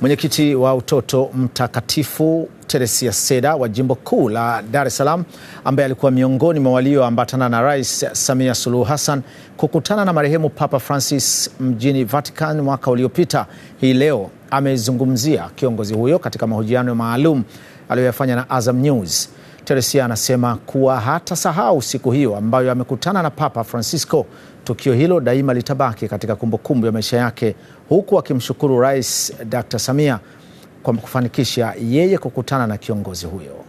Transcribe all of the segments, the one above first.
Mwenyekiti wa Utoto Mtakatifu Teresia Seda wa jimbo kuu la Dar es Salaam, ambaye alikuwa miongoni mwa walioambatana na Rais Samia Suluhu Hassan kukutana na marehemu Papa Francis mjini Vatican mwaka uliopita, hii leo amezungumzia kiongozi huyo katika mahojiano maalum aliyoyafanya na Azam News. Teresia anasema kuwa hata sahau siku hiyo ambayo amekutana na Papa Francisco Tukio hilo daima litabaki katika kumbukumbu ya maisha yake, huku akimshukuru Rais d Samia kwa kufanikisha yeye kukutana na kiongozi huyo.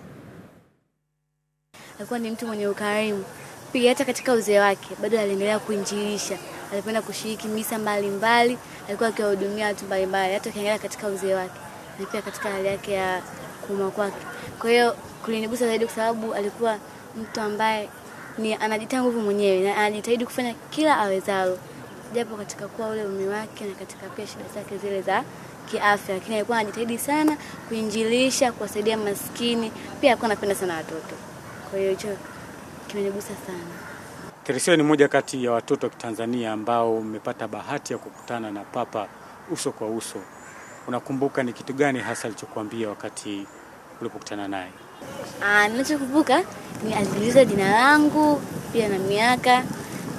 Alikuwa ni mtu mwenye ukarimu, pia hata katika uzee wake bado aliendelea kuinjilisha. Alipenda kushiriki misa mbalimbali, alikuwa akiwahudumia watu mbalimbali, hata ukiangalia katika uzee wake na pia katika hali yake ya kuuma kwake. Kwa hiyo zaidi, kwa sababu alikuwa mtu ambaye ni anajitia nguvu mwenyewe na anajitahidi kufanya kila awezalo, japo katika kuwa ule umi wake na katika pia shida zake zile za kiafya, lakini alikuwa anajitahidi sana kuinjilisha, kuwasaidia maskini, pia alikuwa anapenda sana watoto. Kwa hiyo hicho kimenigusa sana. Teresia ni moja kati ya watoto wa Kitanzania ambao umepata bahati ya kukutana na Papa uso kwa uso. Unakumbuka ni kitu gani hasa alichokuambia wakati ulipokutana naye? Ah, ninachokumbuka ni aliniuliza jina langu pia na miaka,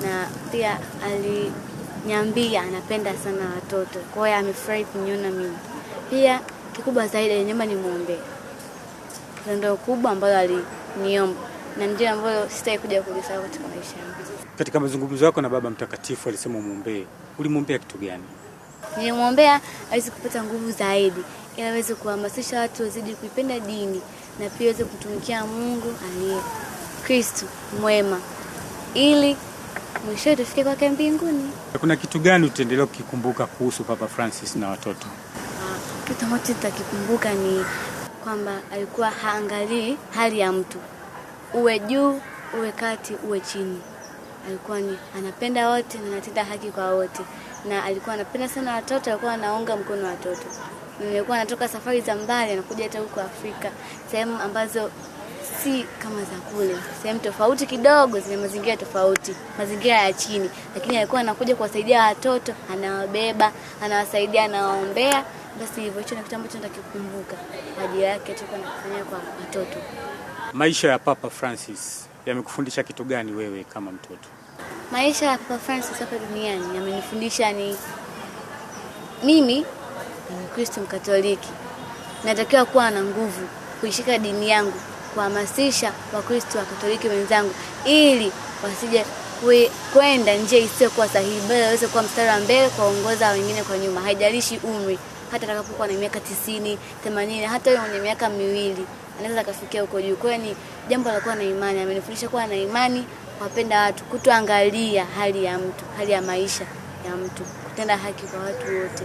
na pia aliniambia anapenda sana watoto, kwa hiyo amefurahi kuniona mimi. Pia kikubwa zaidi aliniomba nimwombee, ndio kubwa ambayo aliniomba na ndio ambayo sitaki kuja kulisahau katika maisha yangu. Katika mazungumzo yako na Baba Mtakatifu alisema umwombee, ulimwombea kitu gani? Nilimwombea aweze kupata nguvu zaidi, ili aweze kuhamasisha watu wazidi kuipenda dini na pia uweze kumtumikia Mungu aliye Kristo mwema, ili mwisho tufike kwake mbinguni. Kuna kitu gani utaendelea kukikumbuka kuhusu Papa Francis na watoto? Ah, kitu ambacho tutakikumbuka ni kwamba alikuwa haangalii hali ya mtu, uwe juu, uwe kati, uwe chini. Alikuwa ni anapenda wote na anatenda haki kwa wote, na alikuwa anapenda sana watoto, alikuwa anaunga mkono watoto nilikuwa eh, natoka safari za mbali nakuja hata huko Afrika, sehemu ambazo si kama za kule, sehemu tofauti kidogo, zina mazingira tofauti, mazingira ya chini, lakini alikuwa anakuja kuwasaidia watoto, anawabeba, anawasaidia, anawaombea. Basi hivyo, hicho ni kitu ambacho nitakikumbuka, ajira yake toka nakufanyia kwa watoto. Maisha ya Papa Francis yamekufundisha kitu gani wewe kama mtoto? Maisha ya Papa Francis hapa duniani yamenifundisha ni mimi ni Mkristo Mkatoliki, natakiwa kuwa na nguvu kuishika dini yangu, kuhamasisha Wakristo wa Katoliki wenzangu ili wasije kwenda njia isiyokuwa sahihi, bali waweze kuwa mstari wa mbele kuwaongoza wengine kwa nyuma, haijalishi umri. Hata atakapokuwa na miaka tisini, themanini, hata mwenye miaka miwili anaweza akafikia huko juu. Kwa ni jambo la kuwa na imani, amenifundisha kuwa na imani, kuwapenda watu, kutoangalia hali ya mtu, hali ya maisha ya mtu, kutenda haki kwa watu wote.